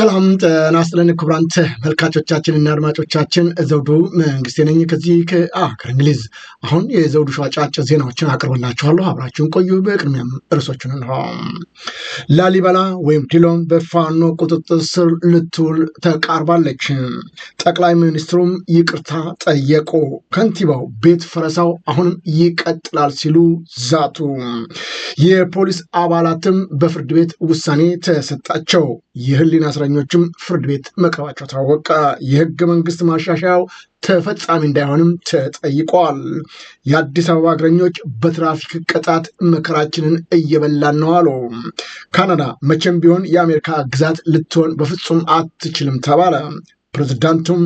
ሰላም ጤና ይስጥልን ክቡራን እና አድማጮቻችን ዘውዱ መንግስቴ ነኝ ከዚህ ከአገረ እንግሊዝ። አሁን የዘውዱ ሾው አጫጭር ዜናዎችን አቅርበላችኋለሁ፣ አብራችሁን ቆዩ። በቅድሚያም እርሶችን እንሆ። ላሊበላ ወይም ዲሎን በፋኖ ቁጥጥር ስር ልትውል ተቃርባለች። ጠቅላይ ሚኒስትሩም ይቅርታ ጠየቁ። ከንቲባው ቤት ፈረሳው አሁንም ይቀጥላል ሲሉ ዛቱ። የፖሊስ አባላትም በፍርድ ቤት ውሳኔ ተሰጣቸው። የህሊና እስረኞችም ፍርድ ቤት መቅረባቸው ታወቀ። የህገ መንግስት ማሻሻያው ተፈጻሚ እንዳይሆንም ተጠይቋል። የአዲስ አበባ እግረኞች በትራፊክ ቅጣት መከራችንን እየበላን ነው አሉ። ካናዳ መቼም ቢሆን የአሜሪካ ግዛት ልትሆን በፍጹም አትችልም ተባለ። ፕሬዝዳንቱም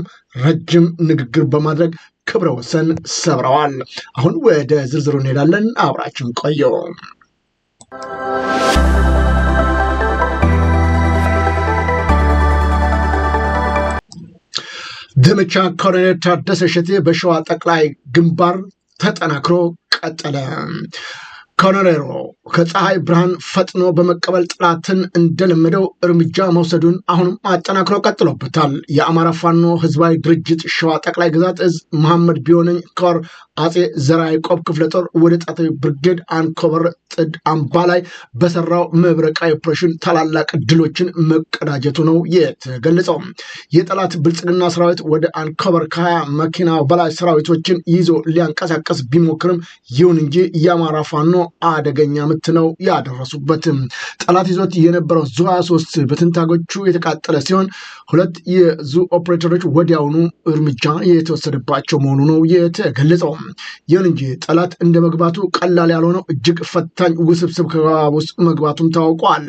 ረጅም ንግግር በማድረግ ክብረ ወሰን ሰብረዋል። አሁን ወደ ዝርዝሩ እንሄዳለን። አብራችን ቆየው ዘመቻ ኮሎኔል ታደሰ እሸቴ በሸዋ ጠቅላይ ግንባር ተጠናክሮ ቀጠለ። ኮሎኔሉ ከፀሐይ ብርሃን ፈጥኖ በመቀበል ጠላትን እንደለመደው እርምጃ መውሰዱን አሁንም አጠናክሮ ቀጥሎበታል። የአማራ ፋኖ ህዝባዊ ድርጅት ሸዋ ጠቅላይ ግዛት እዝ መሐመድ ቢሆነኝ ኮር አጼ ዘራ ያዕቆብ ክፍለ ጦር ወደ ጣታዊ ብርጌድ አንኮበር ጥድ አምባ ላይ በሰራው መብረቃዊ ኦፕሬሽን ታላላቅ ድሎችን መቀዳጀቱ ነው የተገለጸው። የጠላት ብልጽግና ሰራዊት ወደ አንኮበር ከሀያ መኪና በላይ ሰራዊቶችን ይዞ ሊያንቀሳቀስ ቢሞክርም ይሁን እንጂ የአማራ ፋኖ አደገኛ ምት ነው ያደረሱበት። ጠላት ይዞት የነበረው ዙ 23 በትንታጎቹ የተቃጠለ ሲሆን ሁለት የዙ ኦፕሬተሮች ወዲያውኑ እርምጃ የተወሰደባቸው መሆኑ ነው የተገለጸው። ይሁን እንጂ ጠላት እንደ መግባቱ ቀላል ያልሆነው እጅግ ፈታኝ ውስብስብ ከባብ ውስጥ መግባቱም ታውቋል።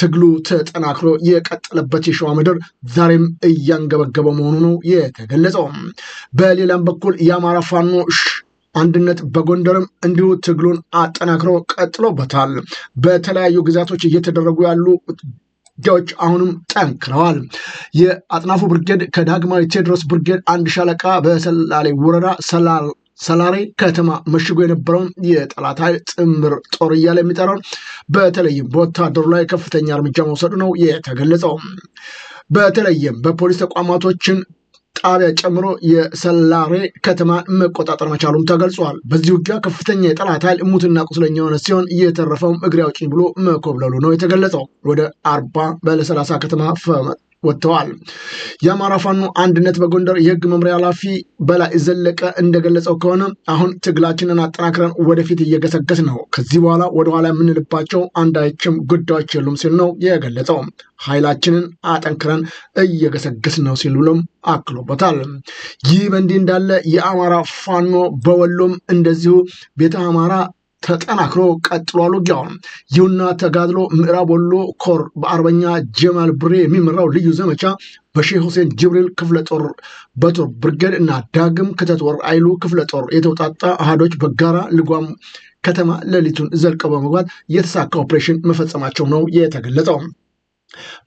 ትግሉ ተጠናክሮ የቀጠለበት የሸዋ ምድር ዛሬም እያንገበገበ መሆኑ ነው የተገለጸው። በሌላም በኩል የአማራ ፋኖ አንድነት በጎንደርም እንዲሁ ትግሉን አጠናክሮ ቀጥሎበታል። በተለያዩ ግዛቶች እየተደረጉ ያሉ ጃዎች አሁንም ጠንክረዋል። የአጥናፉ ብርጌድ ከዳግማዊ ቴዎድሮስ ብርጌድ አንድ ሻለቃ በሰላሌ ወረዳ ሰላል ሰላሬ ከተማ መሽጎ የነበረውን የጠላት ኃይል ጥምር ጦር እያለ የሚጠራውን በተለይም በወታደሩ ላይ ከፍተኛ እርምጃ መውሰዱ ነው የተገለጸው። በተለይም በፖሊስ ተቋማቶችን ጣቢያ ጨምሮ የሰላሬ ከተማን መቆጣጠር መቻሉም ተገልጿል። በዚህ ውጊያ ከፍተኛ የጠላት ኃይል ሙትና ቁስለኛ የሆነ ሲሆን እየተረፈውም እግሬ አውጪኝ ብሎ መኮብለሉ ነው የተገለጸው። ወደ አርባ በለሰላሳ ከተማ ወጥተዋል። የአማራ ፋኖ አንድነት በጎንደር የህግ መምሪያ ኃላፊ በላይ ዘለቀ እንደገለጸው ከሆነ አሁን ትግላችንን አጠናክረን ወደፊት እየገሰገስ ነው። ከዚህ በኋላ ወደኋላ የምንልባቸው አንዳችም ጉዳዮች የሉም ሲል ነው የገለጸው። ኃይላችንን አጠንክረን እየገሰገስ ነው ሲሉም አክሎበታል። ይህ በእንዲህ እንዳለ የአማራ ፋኖ በወሎም እንደዚሁ ቤተ አማራ ተጠናክሮ ቀጥሏል። ውጊያውን ይሁና ተጋድሎ ምዕራብ ወሎ ኮር በአርበኛ ጀማል ብሬ የሚመራው ልዩ ዘመቻ በሼህ ሁሴን ጅብሪል ክፍለ ጦር በቶር ብርጌድ እና ዳግም ክተት ወር አይሉ ክፍለ ጦር የተውጣጣ አህዶች በጋራ ልጓም ከተማ ሌሊቱን ዘልቀው በመግባት የተሳካ ኦፕሬሽን መፈጸማቸው ነው የተገለጸው።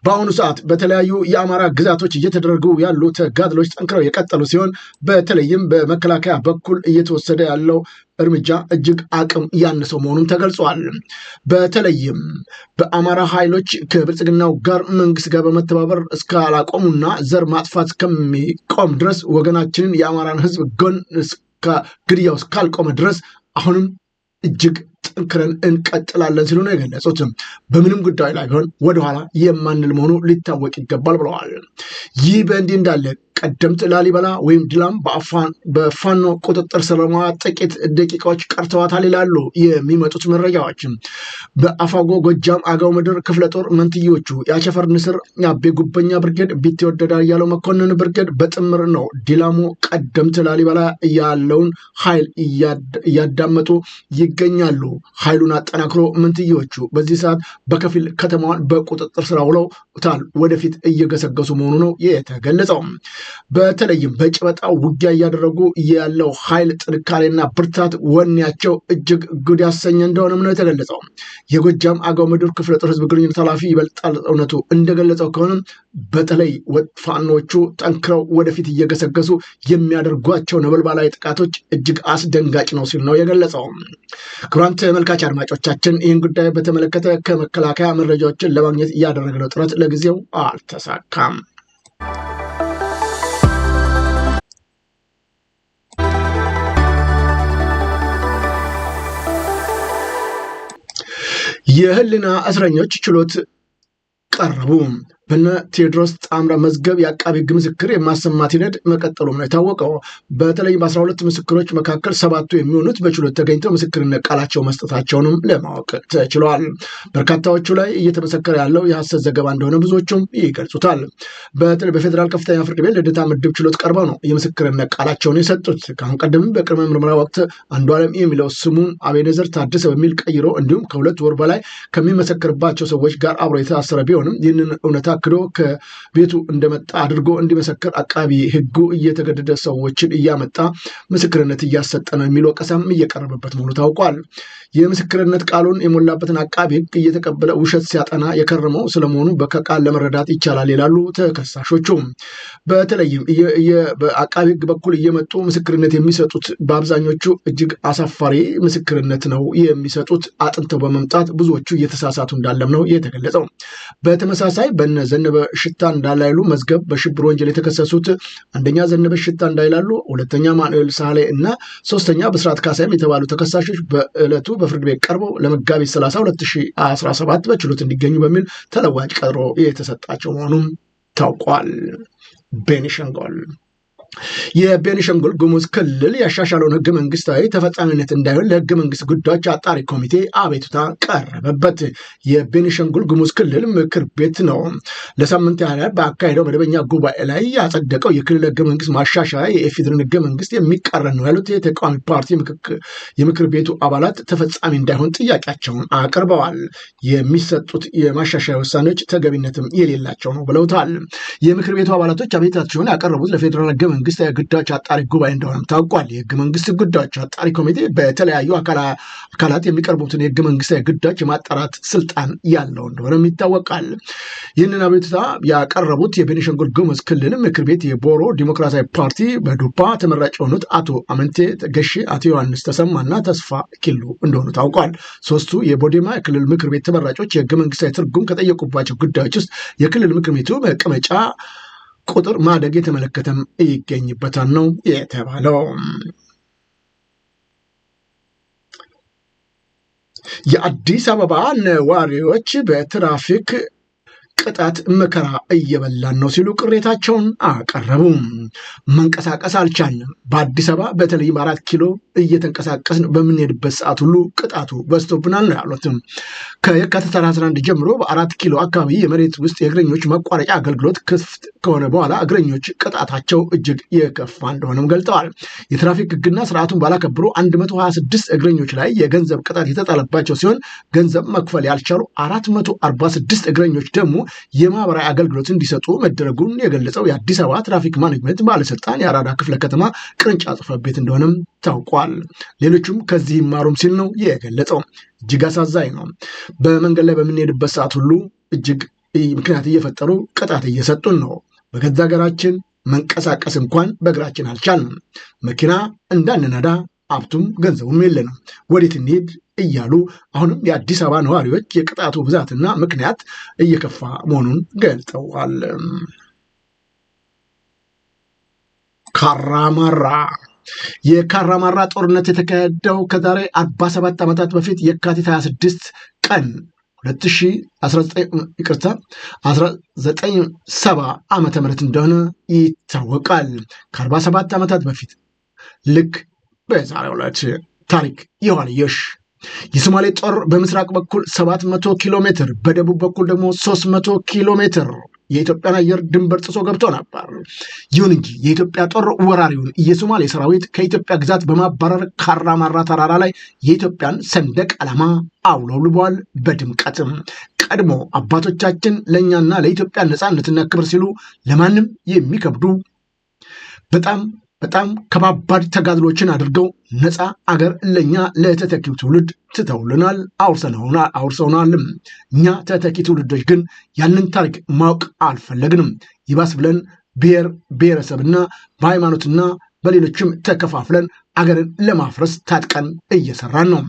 በአሁኑ ሰዓት በተለያዩ የአማራ ግዛቶች እየተደረጉ ያሉ ተጋድሎች ጠንክረው የቀጠሉ ሲሆን በተለይም በመከላከያ በኩል እየተወሰደ ያለው እርምጃ እጅግ አቅም ያነሰው መሆኑም ተገልጿል። በተለይም በአማራ ኃይሎች ከብልጽግናው ጋር መንግስት ጋር በመተባበር እስካላቆሙና ዘር ማጥፋት እስከሚቆም ድረስ ወገናችንን የአማራን ህዝብ ጎን ግድያው እስካልቆመ ድረስ አሁንም እጅግ ጠንክረን እንቀጥላለን ሲሉ ነው የገለጹት። በምንም ጉዳይ ላይ ቢሆን ወደኋላ የማንል መሆኑ ሊታወቅ ይገባል ብለዋል። ይህ በእንዲህ እንዳለ ቀደምት ላሊበላ ወይም ድላም በፋኖ ቁጥጥር ስር ለመዋል ጥቂት ደቂቃዎች ቀርተዋታል ይላሉ የሚመጡት መረጃዎች። በአፋጎ ጎጃም አገው ምድር ክፍለ ጦር መንትዮቹ የአቸፈር ንስር አቤ ጉበኛ ብርጌድ፣ ቢት ወደዳ እያለው መኮንን ብርጌድ በጥምር ነው ዲላሞ ቀደምት ላሊበላ ያለውን ኃይል እያዳመጡ ይገኛሉ። ኃይሉን አጠናክሮ መንትዮቹ በዚህ ሰዓት በከፊል ከተማዋን በቁጥጥር ስር አውለውታል። ወደፊት እየገሰገሱ መሆኑ ነው የተገለጸው። በተለይም በጭበጣ ውጊያ እያደረጉ ያለው ኃይል ጥንካሬና ብርታት ወኔያቸው እጅግ ጉድ ያሰኘ እንደሆነም ነው የተገለጸው። የጎጃም አገው ምድር ክፍለ ጦር ህዝብ ግንኙነት ኃላፊ ይበልጣል እውነቱ እንደገለጸው ከሆነ በተለይ ፋኖቹ ጠንክረው ወደፊት እየገሰገሱ የሚያደርጓቸው ነበልባላዊ ጥቃቶች እጅግ አስደንጋጭ ነው ሲል ነው የገለጸው። ክቡራን ተመልካች አድማጮቻችን ይህን ጉዳይ በተመለከተ ከመከላከያ መረጃዎችን ለማግኘት እያደረግነው ጥረት ለጊዜው አልተሳካም። የህልና እስረኞች ችሎት ቀረቡ። በነ ቴዎድሮስ ጣምራ መዝገብ የአቃቢ ህግ ምስክር የማሰማት ሂደት መቀጠሉም ነው የታወቀው። በተለይም በአስራ ሁለት ምስክሮች መካከል ሰባቱ የሚሆኑት በችሎት ተገኝተው ምስክርነት ቃላቸው መስጠታቸውንም ለማወቅ ተችሏል። በርካታዎቹ ላይ እየተመሰከረ ያለው የሐሰት ዘገባ እንደሆነ ብዙዎቹም ይገልጹታል። በተለይ በፌዴራል ከፍተኛ ፍርድ ቤት ልደታ ምድብ ችሎት ቀርበው ነው የምስክርነት ቃላቸውን የሰጡት። ከአሁን ቀደም በቅድመ ምርመራ ወቅት አንዱ የሚለው ስሙን አቤነዘር ታደሰ በሚል ቀይሮ እንዲሁም ከሁለት ወር በላይ ከሚመሰክርባቸው ሰዎች ጋር አብሮ የታሰረ ቢሆንም ይህንን እውነታ አክሎ ከቤቱ እንደመጣ አድርጎ እንዲመሰክር አቃቢ ህጉ እየተገደደ ሰዎችን እያመጣ ምስክርነት እያሰጠ ነው የሚል ወቀሳም እየቀረበበት መሆኑ ታውቋል። የምስክርነት ቃሉን የሞላበትን አቃቢ ህግ እየተቀበለ ውሸት ሲያጠና የከረመው ስለመሆኑ ከቃል ለመረዳት ይቻላል ይላሉ ተከሳሾቹ። በተለይም በአቃቢ ህግ በኩል እየመጡ ምስክርነት የሚሰጡት በአብዛኞቹ እጅግ አሳፋሪ ምስክርነት ነው የሚሰጡት። አጥንተው በመምጣት ብዙዎቹ እየተሳሳቱ እንዳለም ነው የተገለጸው። በተመሳሳይ በነ ዘነበ ሽታ እንዳላይሉ መዝገብ በሽብር ወንጀል የተከሰሱት አንደኛ ዘነበ ሽታ እንዳይላሉ፣ ሁለተኛ ማኑኤል ሳሌ እና ሶስተኛ ብስራት ካሳይም የተባሉ ተከሳሾች በዕለቱ በፍርድ ቤት ቀርበው ለመጋቢት 30 2017 በችሎት እንዲገኙ በሚል ተለዋጭ ቀጠሮ የተሰጣቸው መሆኑም ታውቋል። ቤኒሻንጉል የቤኒሻንጉል ጉሙዝ ክልል ያሻሻለውን ህገ መንግስታዊ ተፈጻሚነት እንዳይሆን ለህገ መንግስት ጉዳዮች አጣሪ ኮሚቴ አቤቱታ ቀረበበት። የቤኒሻንጉል ጉሙዝ ክልል ምክር ቤት ነው ለሳምንት ያህል በአካሄደው መደበኛ ጉባኤ ላይ ያጸደቀው የክልል ህገ መንግስት ማሻሻያ የኢፌዴሪን ህገ መንግስት የሚቃረን ነው ያሉት የተቃዋሚ ፓርቲ የምክር ቤቱ አባላት ተፈጻሚ እንዳይሆን ጥያቄያቸውን አቅርበዋል። የሚሰጡት የማሻሻያ ውሳኔዎች ተገቢነትም የሌላቸው ነው ብለውታል። የምክር ቤቱ አባላቶች አቤታቸውን ያቀረቡት ለፌዴራል ህገ መንግስት የግዳጅ አጣሪ ጉባኤ እንደሆነም ታውቋል። የህገ መንግስት ጉዳዮች አጣሪ ኮሚቴ በተለያዩ አካላት የሚቀርቡትን የህገ መንግስታዊ ግዳጅ የማጣራት ስልጣን ያለው እንደሆነም ይታወቃል። ይህንን አቤቱታ ያቀረቡት የቤኒሻንጉል ጉሙዝ ክልል ምክር ቤት የቦሮ ዲሞክራሲያዊ ፓርቲ በዱፓ ተመራጭ የሆኑት አቶ አመንቴ ገሺ፣ አቶ ዮሐንስ ተሰማና ተስፋ ኪሉ እንደሆኑ ታውቋል። ሶስቱ የቦዴማ የክልል ምክር ቤት ተመራጮች የህገ መንግስታዊ ትርጉም ከጠየቁባቸው ጉዳዮች ውስጥ የክልል ምክር ቤቱ መቀመጫ ቁጥር ማደግ የተመለከተም ይገኝበታል ነው የተባለው። የአዲስ አበባ ነዋሪዎች በትራፊክ ቅጣት መከራ እየበላን ነው ሲሉ ቅሬታቸውን አቀረቡ። መንቀሳቀስ አልቻልንም። በአዲስ አበባ በተለይም አራት ኪሎ እየተንቀሳቀስን በምንሄድበት ሰዓት ሁሉ ቅጣቱ በዝቶብናል ነው ያሉት። ከየካቲት 11 ጀምሮ በአራት ኪሎ አካባቢ የመሬት ውስጥ የእግረኞች መቋረጫ አገልግሎት ክፍት ከሆነ በኋላ እግረኞች ቅጣታቸው እጅግ የከፋ እንደሆነም ገልጠዋል። የትራፊክ ሕግና ስርዓቱን ባላከብሩ 126 እግረኞች ላይ የገንዘብ ቅጣት የተጣለባቸው ሲሆን ገንዘብ መክፈል ያልቻሉ 446 እግረኞች ደግሞ የማህበራዊ አገልግሎት እንዲሰጡ መደረጉን የገለጸው የአዲስ አበባ ትራፊክ ማኔጅመንት ባለስልጣን የአራዳ ክፍለ ከተማ ቅርንጫፍ ጽሕፈት ቤት እንደሆነም ታውቋል። ሌሎቹም ከዚህ ይማሩም ሲል ነው የገለጸው። እጅግ አሳዛኝ ነው። በመንገድ ላይ በምንሄድበት ሰዓት ሁሉ እጅግ ምክንያት እየፈጠሩ ቅጣት እየሰጡን ነው። በገዛ ሀገራችን መንቀሳቀስ እንኳን በእግራችን አልቻልንም። መኪና እንዳንነዳ ሀብቱም ገንዘቡም የለንም ወዴት እንሄድ እያሉ አሁንም የአዲስ አበባ ነዋሪዎች የቅጣቱ ብዛትና ምክንያት እየከፋ መሆኑን ገልጠዋል። ካራማራ የካራማራ ጦርነት የተካሄደው ከዛሬ 47 ዓመታት በፊት የካቲት 26 ቀን 2019 ይቅርታ 1970 እንደሆነ ይታወቃል። ከ47 ዓመታት በፊት ልክ በዛሬው ዕለት ታሪክ የኋልየሽ የሶማሌ ጦር በምስራቅ በኩል 700 ኪሎ ሜትር በደቡብ በኩል ደግሞ 300 ኪሎ ሜትር የኢትዮጵያን አየር ድንበር ጥሶ ገብቶ ነበር። ይሁን እንጂ የኢትዮጵያ ጦር ወራሪውን የሶማሌ ሰራዊት ከኢትዮጵያ ግዛት በማባረር ካራማራ ተራራ ላይ የኢትዮጵያን ሰንደቅ ዓላማ አውለብልቧል። በድምቀትም ቀድሞ አባቶቻችን ለእኛና ለኢትዮጵያ ነፃነትና ክብር ሲሉ ለማንም የሚከብዱ በጣም በጣም ከባባድ ተጋድሎችን አድርገው ነፃ አገር ለእኛ ለተተኪው ትውልድ ትተውልናል፣ አውርሰውናልም። እኛ ተተኪ ትውልዶች ግን ያንን ታሪክ ማወቅ አልፈለግንም። ይባስ ብለን ብሔር ብሔረሰብና በሃይማኖትና በሌሎችም ተከፋፍለን አገርን ለማፍረስ ታጥቀን እየሰራን ነው።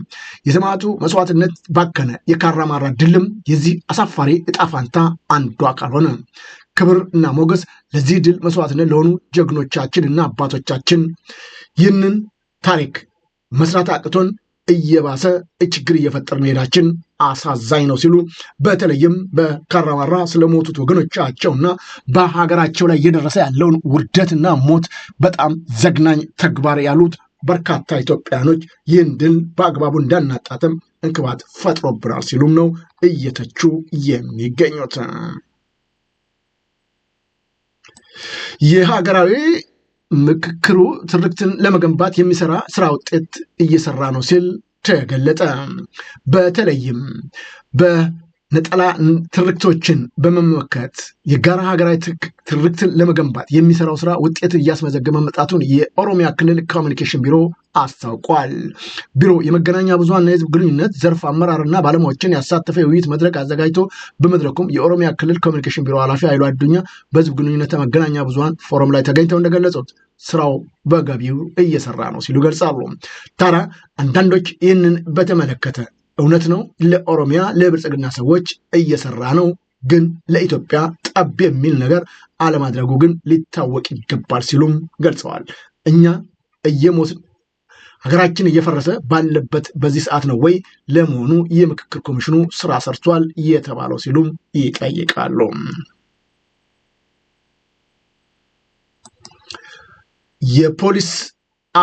የሰማዕቱ መስዋዕትነት ባከነ የካራማራ ድልም የዚህ አሳፋሪ እጣፋንታ አንዷ አንዱ አካል ሆነ። ክብር እና ሞገስ ለዚህ ድል መስዋዕትነት ለሆኑ ጀግኖቻችን እና አባቶቻችን። ይህንን ታሪክ መስራት አቅቶን እየባሰ ችግር እየፈጠር መሄዳችን አሳዛኝ ነው ሲሉ በተለይም በካራማራ ስለሞቱት ወገኖቻቸውና በሀገራቸው ላይ እየደረሰ ያለውን ውርደትና ሞት በጣም ዘግናኝ ተግባር ያሉት በርካታ ኢትዮጵያኖች ይህን ድል በአግባቡ እንዳናጣጥም እንክባት ፈጥሮብናል ሲሉም ነው እየተቹ የሚገኙት። የሀገራዊ ምክክሩ ትርክትን ለመገንባት የሚሰራ ስራ ውጤት እየሰራ ነው ሲል ተገለጠ። በተለይም ነጠላ ትርክቶችን በመመከት የጋራ ሀገራዊ ትርክትን ለመገንባት የሚሰራው ስራ ውጤት እያስመዘገበ መምጣቱን የኦሮሚያ ክልል ኮሚኒኬሽን ቢሮ አስታውቋል። ቢሮ የመገናኛ ብዙሀንና የህዝብ ግንኙነት ዘርፍ አመራርና ባለሙያዎችን ያሳተፈ የውይይት መድረክ አዘጋጅቶ በመድረኩም የኦሮሚያ ክልል ኮሚኒኬሽን ቢሮ ኃላፊ አይሉ አዱኛ በህዝብ ግንኙነት መገናኛ ብዙሀን ፎረም ላይ ተገኝተው እንደገለጹት ስራው በገቢው እየሰራ ነው ሲሉ ገልጻሉ። ታዲያ አንዳንዶች ይህንን በተመለከተ እውነት ነው፣ ለኦሮሚያ ለብልጽግና ሰዎች እየሰራ ነው። ግን ለኢትዮጵያ ጠብ የሚል ነገር አለማድረጉ ግን ሊታወቅ ይገባል ሲሉም ገልጸዋል። እኛ እየሞት ሀገራችን እየፈረሰ ባለበት በዚህ ሰዓት ነው ወይ ለመሆኑ የምክክር ኮሚሽኑ ስራ ሰርቷል የተባለው ሲሉም ይጠይቃሉ። የፖሊስ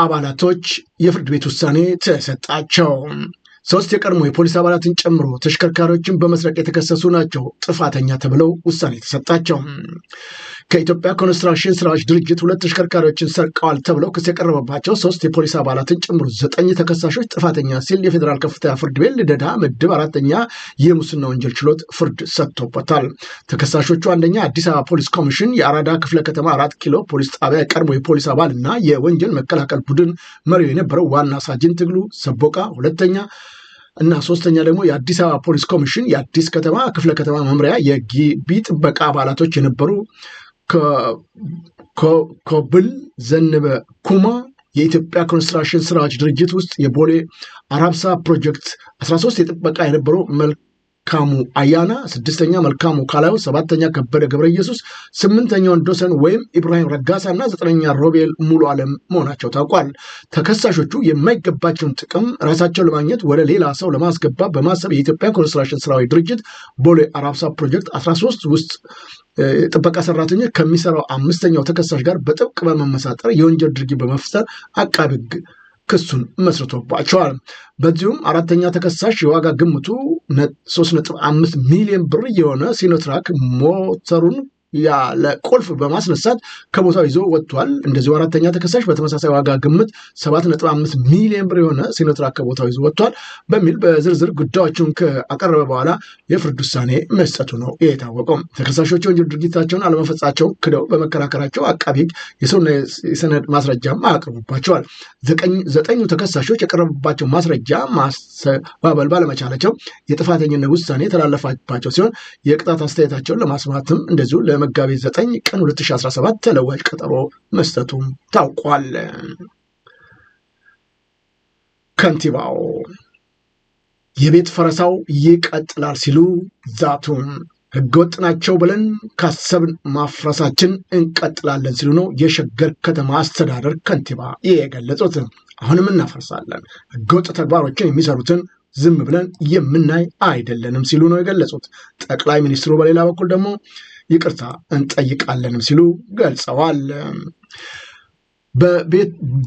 አባላቶች የፍርድ ቤት ውሳኔ ተሰጣቸው። ሶስት የቀድሞ የፖሊስ አባላትን ጨምሮ ተሽከርካሪዎችን በመስረቅ የተከሰሱ ናቸው ጥፋተኛ ተብለው ውሳኔ የተሰጣቸው። ከኢትዮጵያ ኮንስትራክሽን ስራዎች ድርጅት ሁለት ተሽከርካሪዎችን ሰርቀዋል ተብለው ክስ የቀረበባቸው ሶስት የፖሊስ አባላትን ጨምሮ ዘጠኝ ተከሳሾች ጥፋተኛ ሲል የፌዴራል ከፍተኛ ፍርድ ቤት ልደታ ምድብ አራተኛ የሙስና ወንጀል ችሎት ፍርድ ሰጥቶበታል። ተከሳሾቹ አንደኛ አዲስ አበባ ፖሊስ ኮሚሽን የአራዳ ክፍለ ከተማ አራት ኪሎ ፖሊስ ጣቢያ የቀድሞ የፖሊስ አባል እና የወንጀል መከላከል ቡድን መሪው የነበረው ዋና ሳጅን ትግሉ ሰቦቃ ሁለተኛ እና ሶስተኛ ደግሞ የአዲስ አበባ ፖሊስ ኮሚሽን የአዲስ ከተማ ክፍለ ከተማ መምሪያ የግቢ ጥበቃ አባላቶች የነበሩ ከብል ዘነበ ኩማ የኢትዮጵያ ኮንስትራክሽን ስራዎች ድርጅት ውስጥ የቦሌ አራብሳ ፕሮጀክት 13 የጥበቃ የነበረው መልካሙ አያና፣ ስድስተኛ መልካሙ ካላዩ፣ ሰባተኛ ከበደ ገብረ ኢየሱስ፣ ስምንተኛውን ዶሰን ወይም ኢብራሂም ረጋሳ እና ዘጠነኛ ሮቤል ሙሉ አለም መሆናቸው ታውቋል። ተከሳሾቹ የማይገባቸውን ጥቅም ራሳቸው ለማግኘት ወደ ሌላ ሰው ለማስገባ በማሰብ የኢትዮጵያ ኮንስትራክሽን ስራዊ ድርጅት ቦሌ አራብሳ ፕሮጀክት 13 ውስጥ ጥበቃ ሰራተኛ ከሚሰራው አምስተኛው ተከሳሽ ጋር በጥብቅ በመመሳጠር የወንጀል ድርጊት በመፍጠር አቃቢ ህግ ክሱን መስርቶባቸዋል። በዚሁም አራተኛ ተከሳሽ የዋጋ ግምቱ 3.5 ሚሊዮን ብር የሆነ ሲኖትራክ ሞተሩን ያለ ቁልፍ በማስነሳት ከቦታው ይዞ ወጥቷል። እንደዚሁ አራተኛ ተከሳሽ በተመሳሳይ ዋጋ ግምት 7.5 ሚሊዮን ብር የሆነ ሲኖትራክ ከቦታው ይዞ ወጥቷል በሚል በዝርዝር ጉዳዮቹን ከአቀረበ በኋላ የፍርድ ውሳኔ መስጠቱ ነው የታወቀው። ተከሳሾቹ ወንጀል ድርጊታቸውን አለመፈጻቸው ክደው በመከራከራቸው አቃቢ የሰውና የሰነድ ማስረጃም አቅርቡባቸዋል። ዘጠኙ ተከሳሾች የቀረቡባቸው ማስረጃ ማስተባበል ባለመቻላቸው የጥፋተኝነት ውሳኔ የተላለፋባቸው ሲሆን የቅጣት አስተያየታቸውን ለማስማትም እንደዚሁ ለመጋቢት 9 ቀን 2017 ተለዋጭ ቀጠሮ መስጠቱም ታውቋል። ከንቲባው የቤት ፈረሳው ይቀጥላል ሲሉ ዛቱም። ህገወጥ ናቸው ብለን ካሰብን ማፍረሳችን እንቀጥላለን ሲሉ ነው የሸገር ከተማ አስተዳደር ከንቲባ የገለጹት። አሁንም እናፈርሳለን፣ ህገወጥ ተግባሮችን የሚሰሩትን ዝም ብለን የምናይ አይደለንም ሲሉ ነው የገለጹት። ጠቅላይ ሚኒስትሩ በሌላ በኩል ደግሞ ይቅርታ እንጠይቃለንም ሲሉ ገልጸዋል።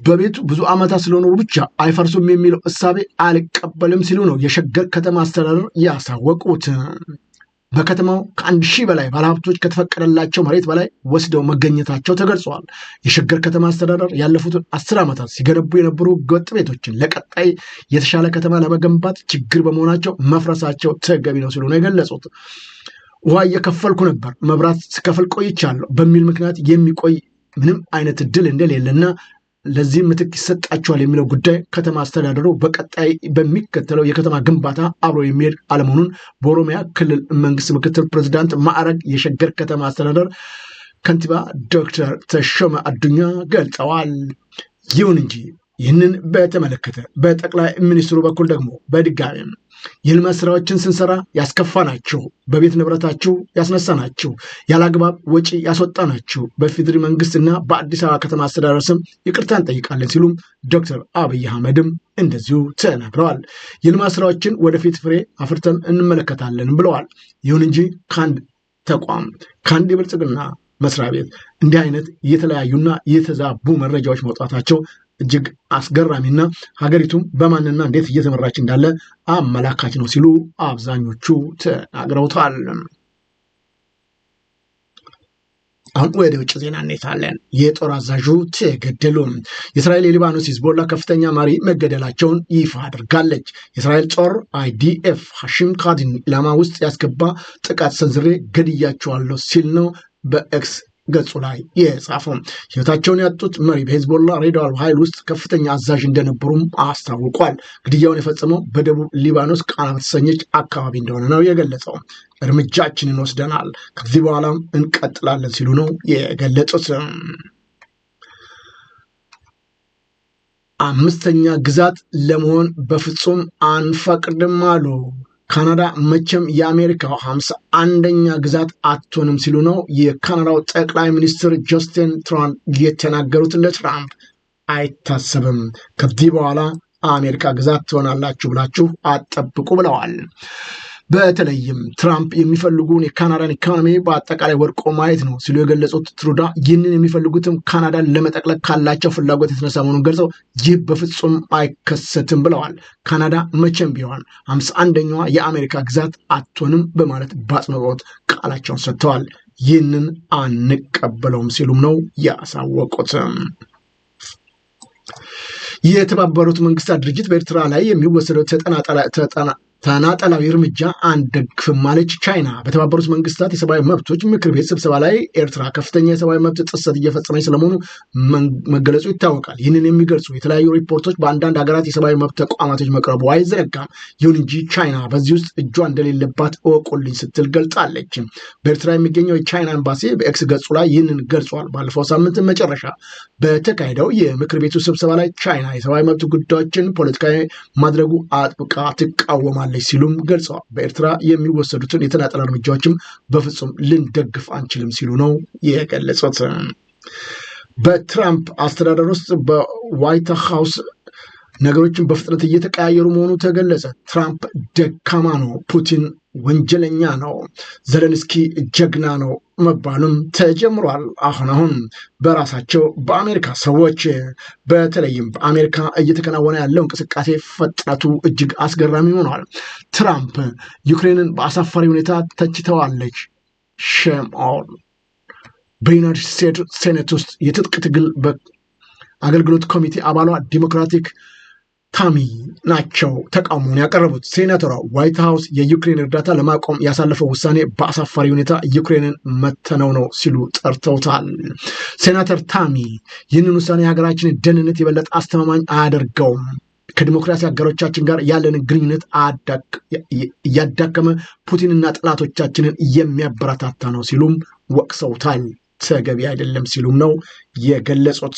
በቤቱ ብዙ ዓመታት ስለኖሩ ብቻ አይፈርሱም የሚለው እሳቤ አልቀበልም ሲሉ ነው የሸገር ከተማ አስተዳደር ያሳወቁት። በከተማው ከአንድ ሺህ በላይ ባለሀብቶች ከተፈቀደላቸው መሬት በላይ ወስደው መገኘታቸው ተገልጸዋል። የሸገር ከተማ አስተዳደር ያለፉትን አስር ዓመታት ሲገነቡ የነበሩ ህገወጥ ቤቶችን ለቀጣይ የተሻለ ከተማ ለመገንባት ችግር በመሆናቸው መፍረሳቸው ተገቢ ነው ሲሉ ነው የገለጹት። ውሃ እየከፈልኩ ነበር፣ መብራት ስከፍል ቆይቻለሁ በሚል ምክንያት የሚቆይ ምንም አይነት እድል እንደሌለና ለዚህ ምትክ ይሰጣቸዋል የሚለው ጉዳይ ከተማ አስተዳደሩ በቀጣይ በሚከተለው የከተማ ግንባታ አብሮ የሚሄድ አለመሆኑን በኦሮሚያ ክልል መንግስት ምክትል ፕሬዚዳንት ማዕረግ የሸገር ከተማ አስተዳደር ከንቲባ ዶክተር ተሾመ አዱኛ ገልጸዋል። ይሁን እንጂ ይህንን በተመለከተ በጠቅላይ ሚኒስትሩ በኩል ደግሞ በድጋሚም የልማት ስራዎችን ስንሰራ ያስከፋ ናችሁ፣ በቤት ንብረታችሁ ያስነሳ ናችሁ፣ ያለአግባብ ወጪ ያስወጣ ናችሁ በፌዴሪ መንግስትና በአዲስ አበባ ከተማ አስተዳደር ስም ይቅርታ እንጠይቃለን ሲሉም ዶክተር አብይ አህመድም እንደዚሁ ተናግረዋል። የልማት ስራዎችን ወደፊት ፍሬ አፍርተን እንመለከታለን ብለዋል። ይሁን እንጂ ከአንድ ተቋም ከአንድ የብልጽግና መስሪያ ቤት እንዲህ አይነት የተለያዩና የተዛቡ መረጃዎች መውጣታቸው እጅግ አስገራሚና ሀገሪቱም በማንና እንዴት እየተመራች እንዳለ አመላካች ነው ሲሉ አብዛኞቹ ተናግረውታል። አሁን ወደ ውጭ ዜና እንሄዳለን። የጦር አዛዡ ተገደሉ። የእስራኤል የሊባኖስ ሂዝቦላ ከፍተኛ መሪ መገደላቸውን ይፋ አድርጋለች። የእስራኤል ጦር አይዲኤፍ ሐሺም ካዲን ኢላማ ውስጥ ያስገባ ጥቃት ሰንዝሬ ገድያቸዋለሁ ሲል ነው በኤክስ ገጹ ላይ የጻፈው ህይወታቸውን ያጡት መሪ በሄዝቦላ ሬዳዋል ኃይል ውስጥ ከፍተኛ አዛዥ እንደነበሩም አስታውቋል። ግድያውን የፈጸመው በደቡብ ሊባኖስ ቃና በተሰኘች አካባቢ እንደሆነ ነው የገለጸው። እርምጃችንን ወስደናል፣ ከዚህ በኋላም እንቀጥላለን ሲሉ ነው የገለጹት። አምስተኛ ግዛት ለመሆን በፍጹም አንፈቅድም አሉ። ካናዳ መቼም የአሜሪካው ሃምሳ አንደኛ ግዛት አትሆንም ሲሉ ነው የካናዳው ጠቅላይ ሚኒስትር ጆስቲን ትራምፕ የተናገሩት። እንደ ትራምፕ አይታሰብም፣ ከዚህ በኋላ አሜሪካ ግዛት ትሆናላችሁ ብላችሁ አጠብቁ ብለዋል። በተለይም ትራምፕ የሚፈልጉን የካናዳን ኢኮኖሚ በአጠቃላይ ወድቆ ማየት ነው ሲሉ የገለጹት ትሩዳ ይህንን የሚፈልጉትም ካናዳን ለመጠቅለቅ ካላቸው ፍላጎት የተነሳ መሆኑን ገልጸው ይህ በፍጹም አይከሰትም ብለዋል። ካናዳ መቼም ቢሆን ሃምሳ አንደኛዋ የአሜሪካ ግዛት አትሆንም በማለት በአጽንኦት ቃላቸውን ሰጥተዋል። ይህንን አንቀበለውም ሲሉም ነው ያሳወቁትም። የተባበሩት መንግስታት ድርጅት በኤርትራ ላይ የሚወሰደው ተናጠላዊ እርምጃ አንደግፍም አለች ቻይና። በተባበሩት መንግስታት የሰብአዊ መብቶች ምክር ቤት ስብሰባ ላይ ኤርትራ ከፍተኛ የሰብአዊ መብት ጥሰት እየፈጸመች ስለመሆኑ መገለጹ ይታወቃል። ይህንን የሚገልጹ የተለያዩ ሪፖርቶች በአንዳንድ ሀገራት የሰብአዊ መብት ተቋማቶች መቅረቡ አይዘነጋም። ይሁን እንጂ ቻይና በዚህ ውስጥ እጇ እንደሌለባት እወቁልኝ ስትል ገልጣለች። በኤርትራ የሚገኘው የቻይና ኤምባሲ በኤክስ ገጹ ላይ ይህንን ገልጿል። ባለፈው ሳምንት መጨረሻ በተካሄደው የምክር ቤቱ ስብሰባ ላይ ቻይና የሰብአዊ መብት ጉዳዮችን ፖለቲካዊ ማድረጉ አጥብቃ ትቃወማል ትችላለች ሲሉም ገልጸዋል። በኤርትራ የሚወሰዱትን የተናጠል እርምጃዎችም በፍጹም ልንደግፍ አንችልም ሲሉ ነው የገለጹት። በትራምፕ አስተዳደር ውስጥ በዋይት ሃውስ ነገሮችን በፍጥነት እየተቀያየሩ መሆኑ ተገለጸ። ትራምፕ ደካማ ነው፣ ፑቲን ወንጀለኛ ነው፣ ዘለንስኪ ጀግና ነው መባሉም ተጀምሯል። አሁን አሁን በራሳቸው በአሜሪካ ሰዎች በተለይም በአሜሪካ እየተከናወነ ያለው እንቅስቃሴ ፍጥነቱ እጅግ አስገራሚ ሆኗል። ትራምፕ ዩክሬንን በአሳፋሪ ሁኔታ ተችተዋለች። ሼም በዩናይትድ ስቴትስ ሴኔት ውስጥ የትጥቅ ትግል አገልግሎት ኮሚቴ አባሏ ዲሞክራቲክ ታሚ ናቸው ተቃውሞውን ያቀረቡት። ሴናተሯ ዋይት ሀውስ የዩክሬን እርዳታ ለማቆም ያሳለፈው ውሳኔ በአሳፋሪ ሁኔታ ዩክሬንን መተነው ነው ሲሉ ጠርተውታል። ሴናተር ታሚ ይህንን ውሳኔ የሀገራችንን ደህንነት የበለጠ አስተማማኝ አያደርገውም ከዲሞክራሲ አጋሮቻችን ጋር ያለን ግንኙነት እያዳከመ ፑቲንና ጠላቶቻችንን የሚያበረታታ ነው ሲሉም ወቅሰውታል። ተገቢ አይደለም ሲሉም ነው የገለጹት።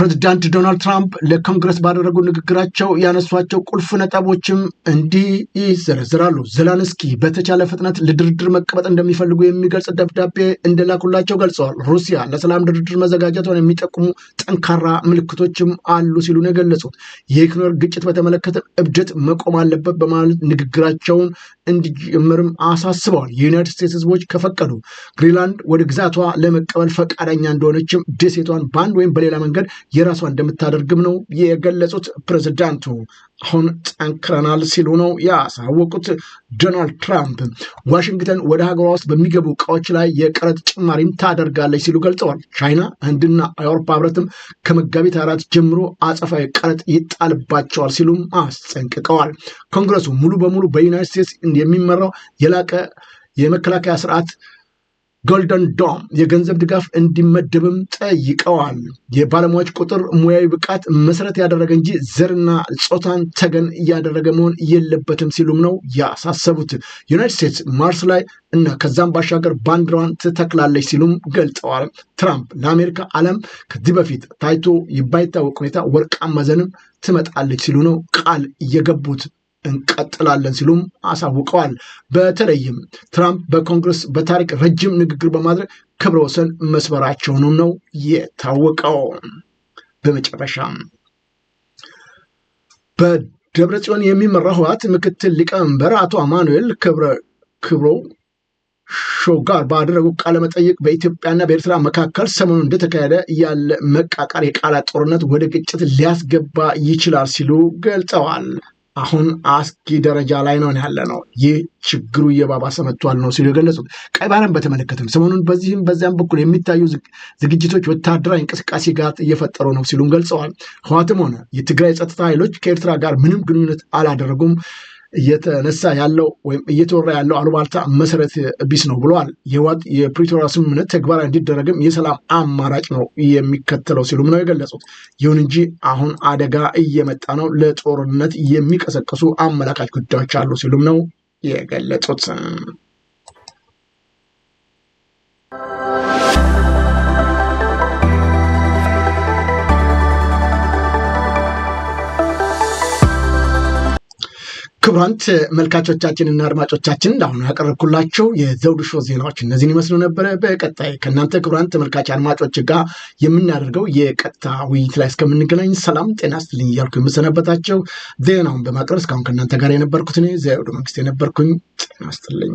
ፕሬዚዳንት ዶናልድ ትራምፕ ለኮንግረስ ባደረጉ ንግግራቸው ያነሷቸው ቁልፍ ነጥቦችም እንዲህ ይዘረዝራሉ። ዘለንስኪ በተቻለ ፍጥነት ለድርድር መቀመጥ እንደሚፈልጉ የሚገልጽ ደብዳቤ እንደላኩላቸው ገልጸዋል። ሩሲያ ለሰላም ድርድር መዘጋጀቷን የሚጠቁሙ ጠንካራ ምልክቶችም አሉ ሲሉ ነው የገለጹት። የኢኮኖር ግጭት በተመለከተ እብደት መቆም አለበት በማለት ንግግራቸውን እንዲጀምርም አሳስበዋል። የዩናይትድ ስቴትስ ህዝቦች ከፈቀዱ ግሪንላንድ ወደ ግዛቷ ለመቀበል ፈቃደኛ እንደሆነችም ደሴቷን በአንድ ወይም በሌላ መንገድ የራሷ እንደምታደርግም ነው የገለጹት ፕሬዝዳንቱ። አሁን ጠንክረናል ሲሉ ነው ያሳወቁት። ዶናልድ ትራምፕ ዋሽንግተን ወደ ሀገሯ ውስጥ በሚገቡ እቃዎች ላይ የቀረጥ ጭማሪም ታደርጋለች ሲሉ ገልጸዋል። ቻይና፣ ህንድና አውሮፓ ህብረትም ከመጋቢት አራት ጀምሮ አጸፋዊ ቀረጥ ይጣልባቸዋል ሲሉም አስጠንቅቀዋል። ኮንግረሱ ሙሉ በሙሉ በዩናይት ስቴትስ የሚመራው የላቀ የመከላከያ ስርዓት ጎልደን ዶም የገንዘብ ድጋፍ እንዲመደብም ጠይቀዋል። የባለሙያዎች ቁጥር ሙያዊ ብቃት መሰረት ያደረገ እንጂ ዘርና ጾታን ተገን እያደረገ መሆን የለበትም ሲሉም ነው ያሳሰቡት። ዩናይትድ ስቴትስ ማርስ ላይ እና ከዛም ባሻገር ባንዲራዋን ትተክላለች ሲሉም ገልጠዋል ትራምፕ ለአሜሪካ ዓለም ከዚህ በፊት ታይቶ ባይታወቅ ሁኔታ ወርቃማ ዘንም ትመጣለች ሲሉ ነው ቃል እየገቡት። እንቀጥላለን ሲሉም አሳውቀዋል። በተለይም ትራምፕ በኮንግረስ በታሪክ ረጅም ንግግር በማድረግ ክብረ ወሰን መስበራቸውንም ነው የታወቀው። በመጨረሻ በደብረ ጽዮን የሚመራው ህወሓት ምክትል ሊቀመንበር አቶ አማኑኤል ክብረ ክብሮ ሾው ጋር ባደረጉ ቃለ መጠይቅ በኢትዮጵያና በኤርትራ መካከል ሰሞኑ እንደተካሄደ ያለ መቃቃር የቃላት ጦርነት ወደ ግጭት ሊያስገባ ይችላል ሲሉ ገልጸዋል። አሁን አስጊ ደረጃ ላይ ነው ያለ ነው። ይህ ችግሩ እየባባሰ መጥቷል ነው ሲሉ የገለጹት። ቀይ ባህርን በተመለከተም ሰሞኑን በዚህም በዚያም በኩል የሚታዩ ዝግጅቶች ወታደራዊ እንቅስቃሴ ጋር እየፈጠሩ ነው ሲሉም ገልጸዋል። ህዋትም ሆነ የትግራይ ጸጥታ ኃይሎች ከኤርትራ ጋር ምንም ግንኙነት አላደረጉም እየተነሳ ያለው ወይም እየተወራ ያለው አሉባልታ መሰረት ቢስ ነው ብለዋል። የህወሓት የፕሪቶሪያ ስምምነት ተግባራዊ እንዲደረግም የሰላም አማራጭ ነው የሚከተለው ሲሉም ነው የገለጹት። ይሁን እንጂ አሁን አደጋ እየመጣ ነው፣ ለጦርነት የሚቀሰቀሱ አመላካች ጉዳዮች አሉ ሲሉም ነው የገለጹት። ክቡራን ተመልካቾቻችንና አድማጮቻችን ለአሁኑ ያቀረብኩላቸው የዘውዱ ሾው ዜናዎች እነዚህን ይመስሉ ነበረ። በቀጣይ ከእናንተ ክቡራን ተመልካች አድማጮች ጋር የምናደርገው የቀጥታ ውይይት ላይ እስከምንገናኝ ሰላም ጤና ስትልኝ እያልኩ የምሰነበታቸው ዜናውን በማቅረብ እስካሁን ከእናንተ ጋር የነበርኩት እኔ ዘውዱ መንግስት የነበርኩኝ። ጤና ስትልኝ